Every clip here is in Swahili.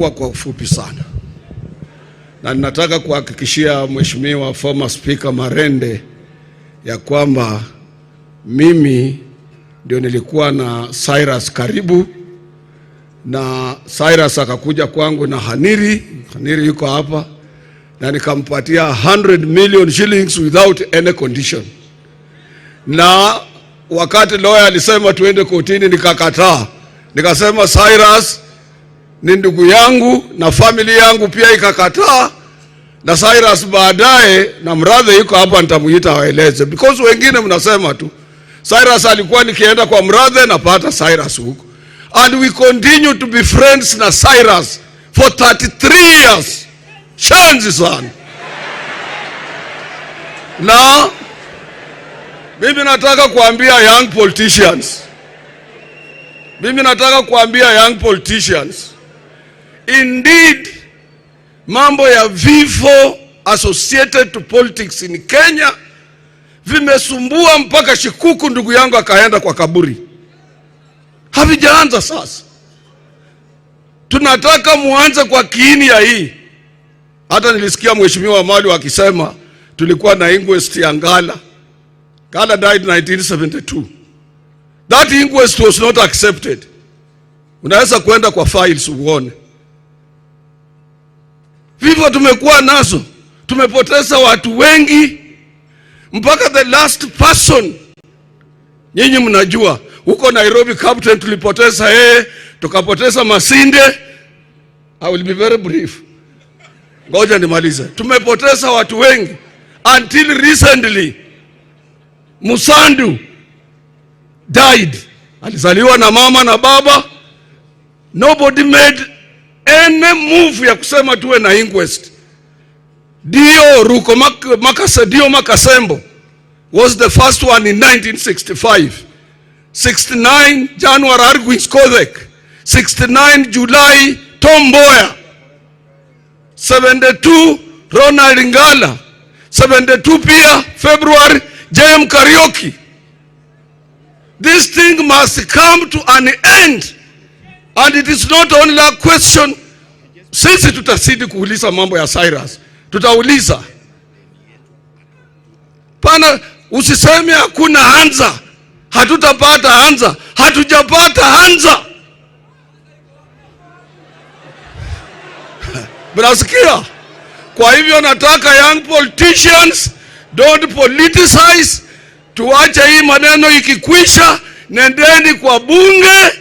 Kwa, kwa ufupi sana na ninataka kuhakikishia Mheshimiwa former Speaker Marende ya kwamba mimi ndio nilikuwa na Cyrus karibu, na Cyrus akakuja kwangu na Haniri, Haniri yuko hapa, na nikampatia 100 million shillings without any condition, na wakati lawyer alisema tuende kotini nikakataa, nikasema Cyrus ni ndugu yangu na famili yangu pia ikakataa, na Cyrus baadaye, na mradhe yuko hapa, nitamuita aeleze, because wengine mnasema tu Cyrus alikuwa nikienda kwa mradhe napata Cyrus huko, and we continue to be friends na Cyrus for 33 years. Shanzi sana na mimi nataka kuambia young politicians, mimi nataka kuambia young politicians Indeed, mambo ya vifo associated to politics in Kenya vimesumbua mpaka Shikuku ndugu yangu akaenda kwa kaburi. Havijaanza sasa, tunataka muanze kwa kiini ya hii. Hata nilisikia mheshimiwa Mali akisema tulikuwa na inquest ya Ngala. Ngala died 1972. That inquest was not accepted. Unaweza kuenda kwa files uone Vifo tumekuwa nazo, tumepoteza watu wengi, mpaka the last person. Nyinyi mnajua huko Nairobi captain tulipoteza yeye, tukapoteza Masinde. I will be very brief, ngoja nimalize. Tumepoteza watu wengi until recently. Musandu died, alizaliwa na mama na baba, nobody made ene move ya kusema tuwe na inquest. Dio Ruko Makase, Dio Makasembo was the first one in 1965. 69 January Arguins Kozek. 69 July Tom Mboya. 72 Ronald Ngala. 72 pia February JM Karioki. This thing must come to an end. And it is not only a question sisi tutazidi kuuliza mambo ya Cyrus, tutauliza pana. Usiseme hakuna anza, hatutapata anza, hatujapata anza. Mnasikia? Kwa hivyo nataka young politicians don't politicize. Tuache hii maneno, ikikwisha nendeni kwa bunge,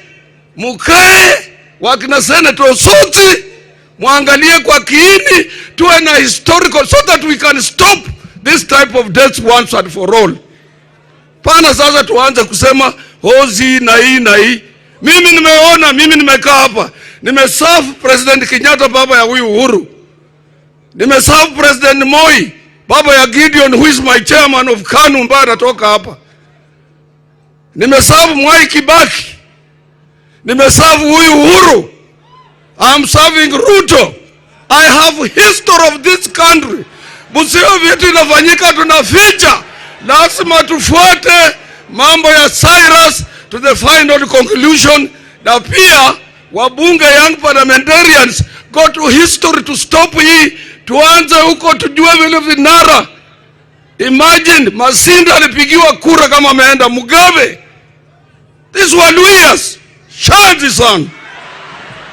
mukae wakina senator Sotsi Mwangalie kwa kiini, tuwe na historical so that we can stop this type of deaths once and for all. Pana sasa tuanze kusema hozi oh, na hii na hii. Mimi nimeona, mimi nimekaa hapa, nimeserve President Kenyatta baba ya huyu Uhuru, nimeserve President Moi baba ya Gideon who is my chairman of KANU ambaye anatoka hapa, nimeserve Mwai Kibaki, nimeserve huyu Uhuru am serving Ruto. I have history of this country. Msio vitu inafanyika tunaficha. Lazima tufuate mambo ya Cyrus to the final conclusion, na pia wabunge young parliamentarians go to history to stop hii, tuanze huko tujue vile vinara. Imagine Masinda alipigiwa kura kama ameenda Mugabe. This one years. Shanti sana.